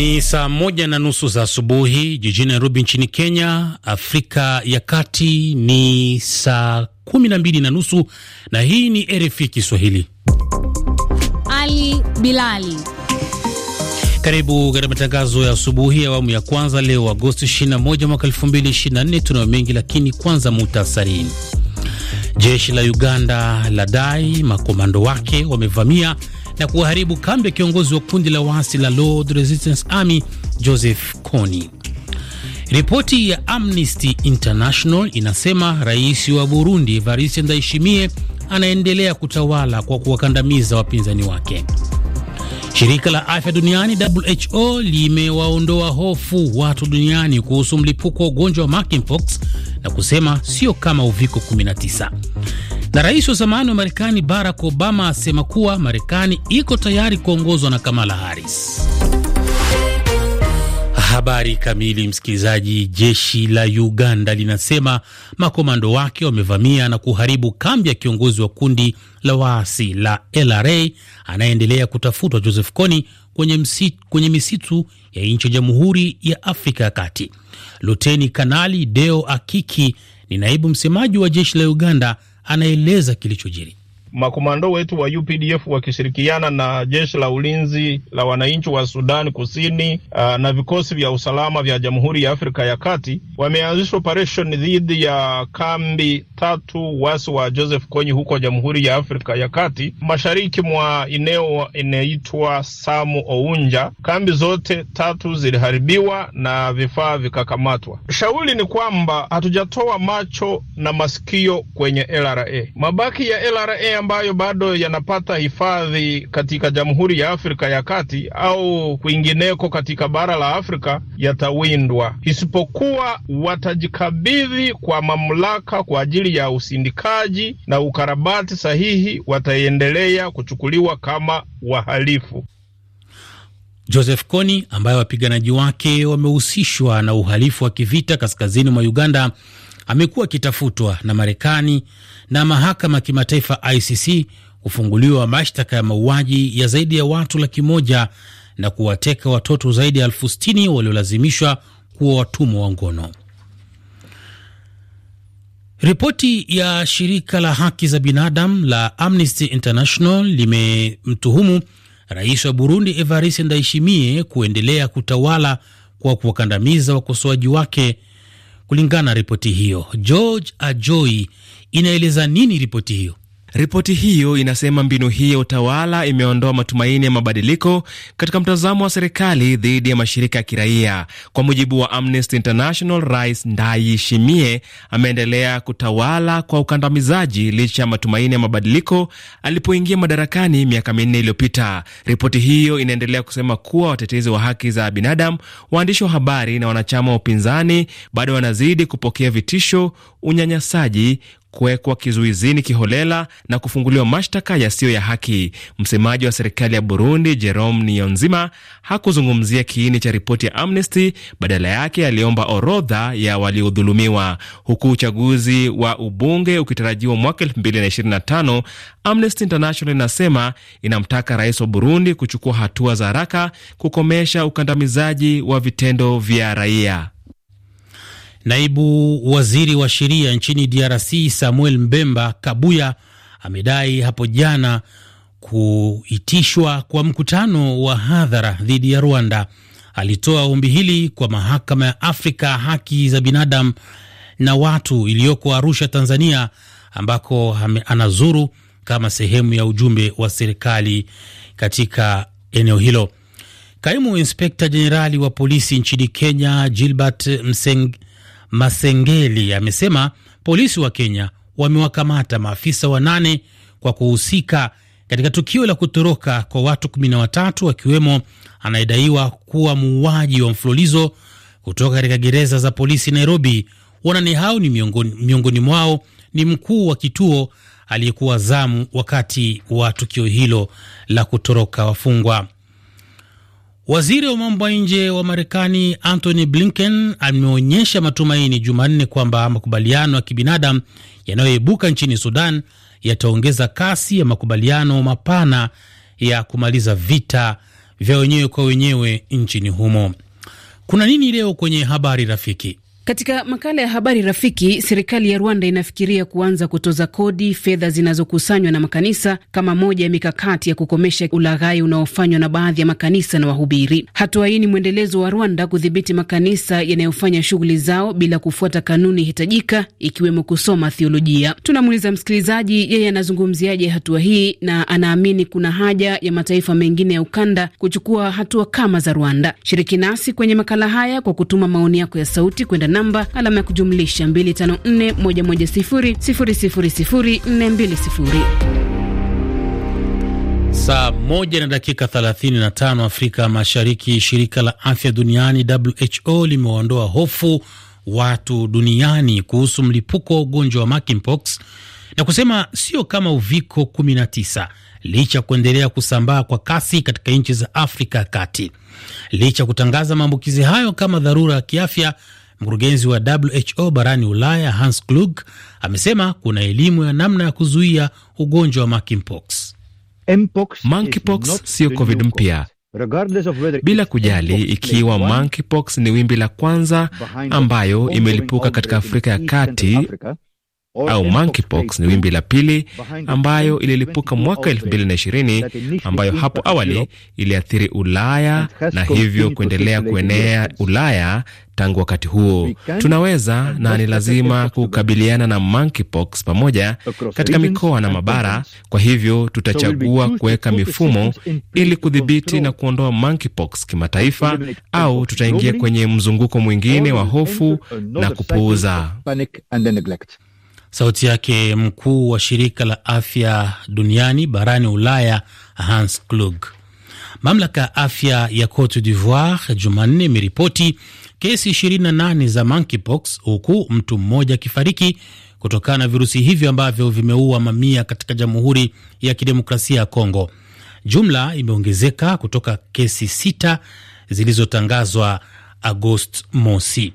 Ni saa moja na nusu za asubuhi jijini Nairobi nchini Kenya. Afrika ya Kati ni saa kumi na mbili na nusu na hii ni RFI Kiswahili. Ali Bilali, karibu katika matangazo ya asubuhi awamu ya kwanza leo Agosti 21 mwaka 2024. Tunayo mengi lakini kwanza muhtasarini. Jeshi la Uganda ladai makomando wake wamevamia na kuharibu kambi ya kiongozi wa kundi la waasi la Lord Resistance Army Joseph Kony. Ripoti ya Amnesty International inasema rais wa Burundi Evariste Ndayishimiye anaendelea kutawala kwa kuwakandamiza wapinzani wake. Shirika la afya duniani WHO limewaondoa hofu watu duniani kuhusu mlipuko wa ugonjwa wa monkeypox na kusema sio kama uviko 19. Na rais wa zamani wa Marekani Barack Obama asema kuwa Marekani iko tayari kuongozwa na Kamala Harris. Habari kamili, msikilizaji. Jeshi la Uganda linasema makomando wake wamevamia na kuharibu kambi ya kiongozi wa kundi la waasi la LRA anayeendelea kutafutwa Joseph Kony kwenye, kwenye misitu ya nchi ya Jamhuri ya Afrika ya Kati. Luteni Kanali Deo Akiki ni naibu msemaji wa jeshi la Uganda anaeleza kilichojiri makomando wetu wa UPDF wakishirikiana na jeshi la ulinzi la wananchi wa Sudan Kusini uh, na vikosi vya usalama vya Jamhuri ya Afrika ya Kati wameanzisha operesheni dhidi ya kambi tatu wasi wa Joseph Kony huko Jamhuri ya Afrika ya Kati, mashariki mwa eneo inaitwa Samu Ounja. Kambi zote tatu ziliharibiwa na vifaa vikakamatwa. Shauli ni kwamba hatujatoa macho na masikio kwenye LRA, mabaki ya LRA ambayo bado yanapata hifadhi katika Jamhuri ya Afrika ya Kati au kwingineko katika bara la Afrika yatawindwa, isipokuwa watajikabidhi kwa mamlaka kwa ajili ya usindikaji na ukarabati sahihi, wataendelea kuchukuliwa kama wahalifu. Joseph Kony ambaye wapiganaji wake wamehusishwa na uhalifu wa kivita kaskazini mwa Uganda amekuwa akitafutwa na Marekani na mahakama ya kimataifa ICC kufunguliwa mashtaka ya mauaji ya zaidi ya watu laki moja na kuwateka watoto zaidi ya elfu sitini waliolazimishwa kuwa watumwa wa ngono. Ripoti ya shirika la haki za binadamu la Amnesty International limemtuhumu rais wa Burundi Evariste Ndayishimiye kuendelea kutawala kwa kuwakandamiza wakosoaji wake kulingana na ripoti hiyo. George Ajoi, inaeleza nini ripoti hiyo? Ripoti hiyo inasema mbinu hii ya utawala imeondoa matumaini ya mabadiliko katika mtazamo wa serikali dhidi ya mashirika ya kiraia. Kwa mujibu wa Amnesty International, Rais Ndayishimiye ameendelea kutawala kwa ukandamizaji licha ya matumaini ya mabadiliko alipoingia madarakani miaka minne iliyopita. Ripoti hiyo inaendelea kusema kuwa watetezi wa haki za binadamu, waandishi wa habari na wanachama wa upinzani bado wanazidi kupokea vitisho, unyanyasaji kuwekwa kizuizini kiholela na kufunguliwa mashtaka yasiyo ya haki. Msemaji wa serikali ya Burundi Jerome nionzima hakuzungumzia kiini cha ripoti ya Amnesty, badala yake aliomba orodha ya waliodhulumiwa. Huku uchaguzi wa ubunge ukitarajiwa mwaka 2025, Amnesty International inasema inamtaka rais wa Burundi kuchukua hatua za haraka kukomesha ukandamizaji wa vitendo vya raia. Naibu waziri wa sheria nchini DRC Samuel Mbemba Kabuya amedai hapo jana kuitishwa kwa mkutano wa hadhara dhidi ya Rwanda. Alitoa ombi hili kwa mahakama ya Afrika haki za binadamu na watu iliyoko Arusha, Tanzania, ambako anazuru kama sehemu ya ujumbe wa serikali katika eneo hilo. Kaimu inspekta jenerali wa polisi nchini Kenya Gilbert Mseng Masengeli amesema polisi wa Kenya wamewakamata maafisa wanane kwa kuhusika katika tukio la kutoroka kwa watu kumi na watatu wakiwemo anayedaiwa kuwa muuaji wa mfululizo kutoka katika gereza za polisi Nairobi. Wanane hao ni miongoni, miongoni mwao ni mkuu wa kituo aliyekuwa zamu wakati wa tukio hilo la kutoroka wafungwa. Waziri wa mambo ya nje wa Marekani Antony Blinken ameonyesha matumaini Jumanne kwamba makubaliano ya kibinadamu yanayoibuka nchini Sudan yataongeza kasi ya makubaliano mapana ya kumaliza vita vya wenyewe kwa wenyewe nchini humo. Kuna nini leo kwenye habari rafiki? Katika makala ya habari rafiki, serikali ya Rwanda inafikiria kuanza kutoza kodi fedha zinazokusanywa na makanisa kama moja ya mikakati ya kukomesha ulaghai unaofanywa na baadhi ya makanisa na wahubiri. Hatua hii ni mwendelezo wa Rwanda kudhibiti makanisa yanayofanya shughuli zao bila kufuata kanuni hitajika, ikiwemo kusoma thiolojia. Tunamuuliza msikilizaji, yeye anazungumziaje hatua hii na anaamini kuna haja ya mataifa mengine ya ukanda kuchukua hatua kama za Rwanda. Shiriki nasi kwenye makala haya kwa kutuma maoni yako ya sauti kwenda namba alama ya kujumlisha 254110000420. Saa moja na dakika 35 Afrika Mashariki. Shirika la afya duniani WHO limewaondoa hofu watu duniani kuhusu mlipuko wa ugonjwa wa monkeypox na kusema sio kama uviko 19, licha ya kuendelea kusambaa kwa kasi katika nchi za Afrika ya kati. Licha ya kutangaza maambukizi hayo kama dharura ya kiafya, Mkurugenzi wa WHO barani Ulaya Hans Klug amesema kuna elimu ya namna ya kuzuia ugonjwa wa monkeypox. Monkeypox siyo covid mpya bila kujali ikiwa monkeypox ni wimbi la kwanza ambayo imelipuka katika Afrika ya Kati au monkeypox ni wimbi la pili ambayo ililipuka mwaka 2020 ambayo hapo awali iliathiri Ulaya na hivyo kuendelea kuenea Ulaya tangu wakati huo. Tunaweza na ni lazima kukabiliana na monkeypox pamoja katika mikoa na mabara. Kwa hivyo tutachagua kuweka mifumo ili kudhibiti na kuondoa monkeypox kimataifa, au tutaingia kwenye mzunguko mwingine wa hofu na kupuuza. Sauti yake mkuu wa shirika la afya duniani barani Ulaya, Hans Klug. Mamlaka ya afya ya Cote d'Ivoire Jumanne imeripoti kesi 28 za monkeypox, huku mtu mmoja akifariki kutokana na virusi hivyo ambavyo vimeua mamia katika Jamhuri ya Kidemokrasia ya Kongo. Jumla imeongezeka kutoka kesi sita zilizotangazwa Agosti mosi.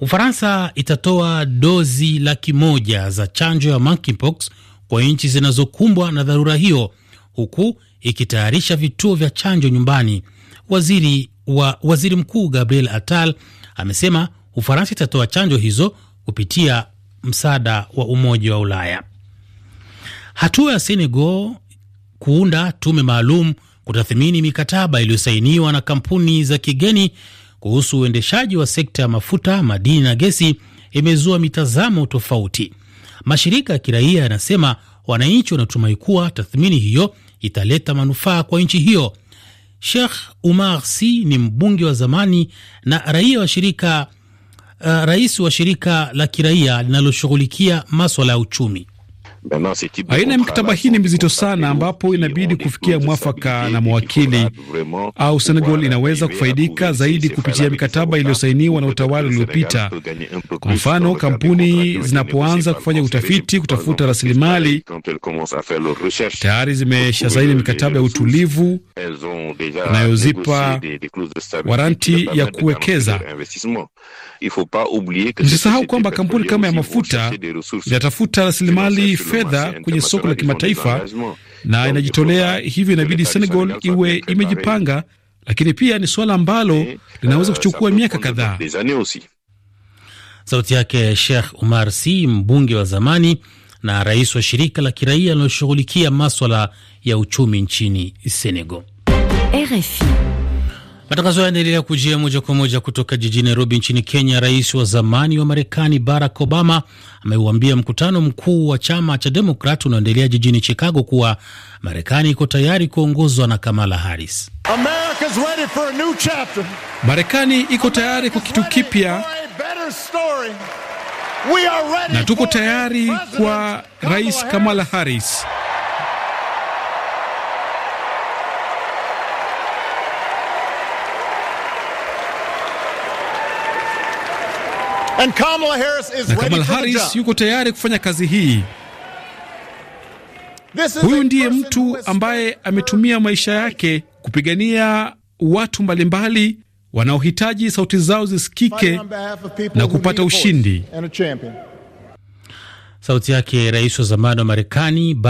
Ufaransa itatoa dozi laki moja za chanjo ya monkeypox kwa nchi zinazokumbwa na dharura hiyo, huku ikitayarisha vituo vya chanjo nyumbani. Waziri wa waziri mkuu Gabriel Attal amesema Ufaransa itatoa chanjo hizo kupitia msaada wa Umoja wa Ulaya. Hatua ya Senegal kuunda tume maalum kutathmini mikataba iliyosainiwa na kampuni za kigeni kuhusu uendeshaji wa sekta ya mafuta, madini na gesi imezua mitazamo tofauti. Mashirika ya kiraia yanasema wananchi wanatumai kuwa tathmini hiyo italeta manufaa kwa nchi hiyo. Sheikh Umar Si ni mbunge wa zamani na raia wa shirika, uh, rais wa shirika la kiraia linaloshughulikia maswala ya uchumi. Aina ya mikataba hii ni mizito sana, ambapo inabidi kufikia mwafaka na mawakili au Senegal inaweza kufaidika zaidi kupitia mikataba iliyosainiwa na utawala uliopita. Kwa mfano, kampuni zinapoanza kufanya utafiti, kutafuta rasilimali, tayari zimeshasaini mikataba ya utulivu inayozipa waranti ya kuwekeza. Msisahau kwamba kampuni kama ya mafuta inatafuta rasilimali fedha kwenye soko la kimataifa na inajitolea, hivyo inabidi Senegal iwe imejipanga, lakini pia ni suala ambalo eh, linaweza eh, kuchukua miaka kadhaa. Sauti yake Sheikh Umar Si, mbunge wa zamani na rais wa shirika la kiraia linaloshughulikia maswala ya uchumi nchini Senegal. RFI. Matangazo haya yanaendelea kujia moja kwa moja kutoka jijini Nairobi nchini Kenya. Rais wa zamani wa Marekani Barack Obama ameuambia mkutano mkuu wa chama cha Demokrat unaoendelea jijini Chicago kuwa Marekani iko tayari kuongozwa na Kamala Harris. Marekani iko tayari kwa kitu kipya na tuko tayari kwa Rais Kamala Harris. And Kamala Harris is na Kamala Harris yuko tayari kufanya kazi hii. Huyu ndiye mtu ambaye ametumia maisha yake kupigania watu mbalimbali wanaohitaji sauti zao zisikike na kupata ushindi. Sauti yake rais wa zamani wa Marekani.